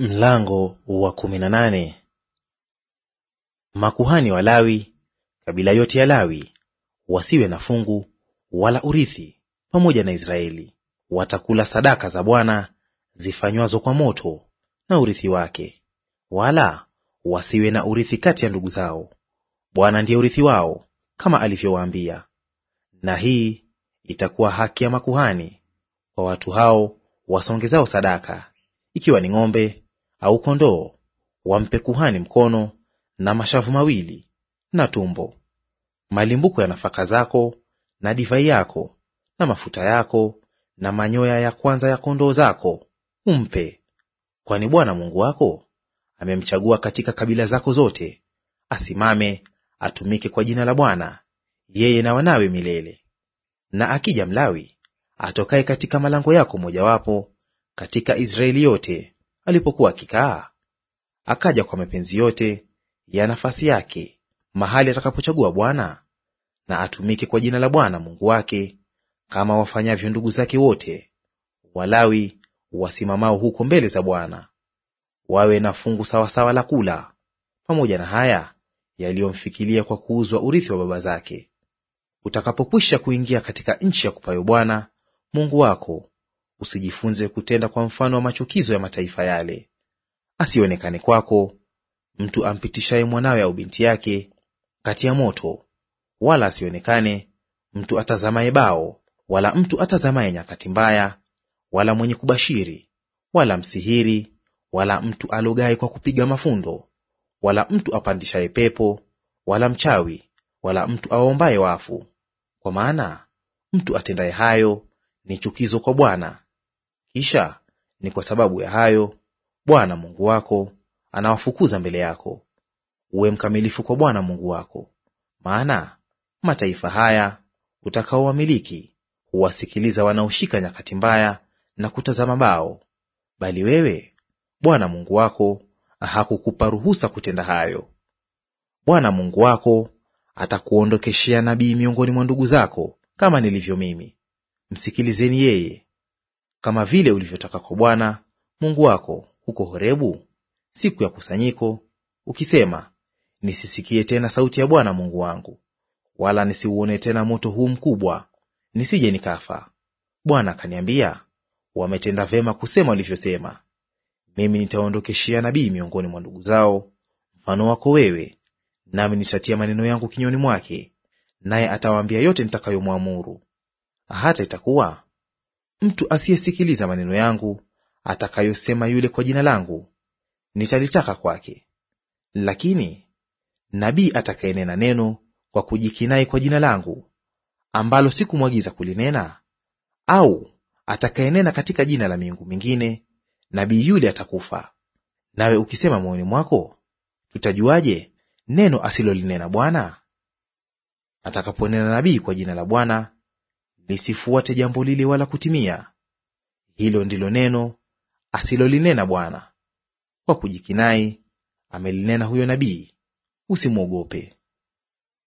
Mlango wa kumi na nane. Makuhani wa Lawi, kabila yote ya Lawi, wasiwe na fungu wala urithi pamoja na Israeli. Watakula sadaka za Bwana zifanywazo kwa moto na urithi wake, wala wasiwe na urithi kati ya ndugu zao. Bwana ndiye urithi wao, kama alivyowaambia. Na hii itakuwa haki ya makuhani kwa watu hao wasongezao sadaka, ikiwa ni ng'ombe au kondoo, wampe kuhani mkono na mashavu mawili na tumbo. Malimbuko ya nafaka zako na divai yako na mafuta yako na manyoya ya kwanza ya kondoo zako umpe, kwani Bwana Mungu wako amemchagua katika kabila zako zote, asimame atumike kwa jina la Bwana, yeye na wanawe milele. Na akija Mlawi atokaye katika malango yako mojawapo katika Israeli yote alipokuwa akikaa, akaja kwa mapenzi yote ya nafasi yake mahali atakapochagua Bwana, na atumike kwa jina la Bwana Mungu wake, kama wafanyavyo ndugu zake wote Walawi wasimamao huko mbele za Bwana. Wawe na fungu sawasawa la kula, pamoja na haya yaliyomfikilia kwa kuuzwa urithi wa baba zake. Utakapokwisha kuingia katika nchi ya kupayo Bwana Mungu wako usijifunze kutenda kwa mfano wa machukizo ya mataifa yale. Asionekane kwako mtu ampitishaye mwanawe au binti yake kati ya moto, wala asionekane mtu atazamaye bao, wala mtu atazamaye nyakati mbaya, wala mwenye kubashiri, wala msihiri, wala mtu alogaye kwa kupiga mafundo, wala mtu apandishaye pepo, wala mchawi, wala mtu awaombaye wafu. Kwa maana mtu atendaye hayo ni chukizo kwa Bwana, kisha ni kwa sababu ya hayo Bwana Mungu wako anawafukuza mbele yako. Uwe mkamilifu kwa Bwana Mungu wako, maana mataifa haya utakaowamiliki huwasikiliza wanaoshika nyakati mbaya na kutazama bao, bali wewe Bwana Mungu wako hakukupa ruhusa kutenda hayo. Bwana Mungu wako atakuondokeshea nabii miongoni mwa ndugu zako, kama nilivyo mimi. Msikilizeni yeye, kama vile ulivyotaka kwa Bwana Mungu wako huko Horebu siku ya kusanyiko, ukisema, nisisikie tena sauti ya Bwana Mungu wangu, wala nisiuone tena moto huu mkubwa, nisije nikafa. Bwana akaniambia, wametenda vema kusema walivyosema. Mimi nitaondokeshia nabii miongoni mwa ndugu zao mfano wako wewe, nami nitatia maneno yangu kinywani mwake, naye atawaambia yote nitakayomwamuru. Hata itakuwa Mtu asiyesikiliza maneno yangu atakayosema yule kwa jina langu, nitalitaka kwake; lakini nabii atakayenena neno kwa kujikinai kwa jina langu, ambalo sikumwagiza kulinena, au atakayenena katika jina la miungu mingine, nabii yule atakufa. Nawe ukisema moyoni mwako, tutajuaje neno asilolinena Bwana? Atakaponena nabii kwa jina la Bwana lisifuate jambo lile wala kutimia. Hilo ndilo neno asilolinena Bwana. Kwa kujikinai amelinena huyo nabii, usimwogope.